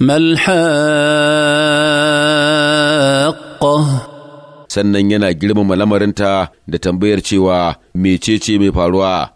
ما sannan yana girmama lamarinta da tambayar cewa mecece mai faruwa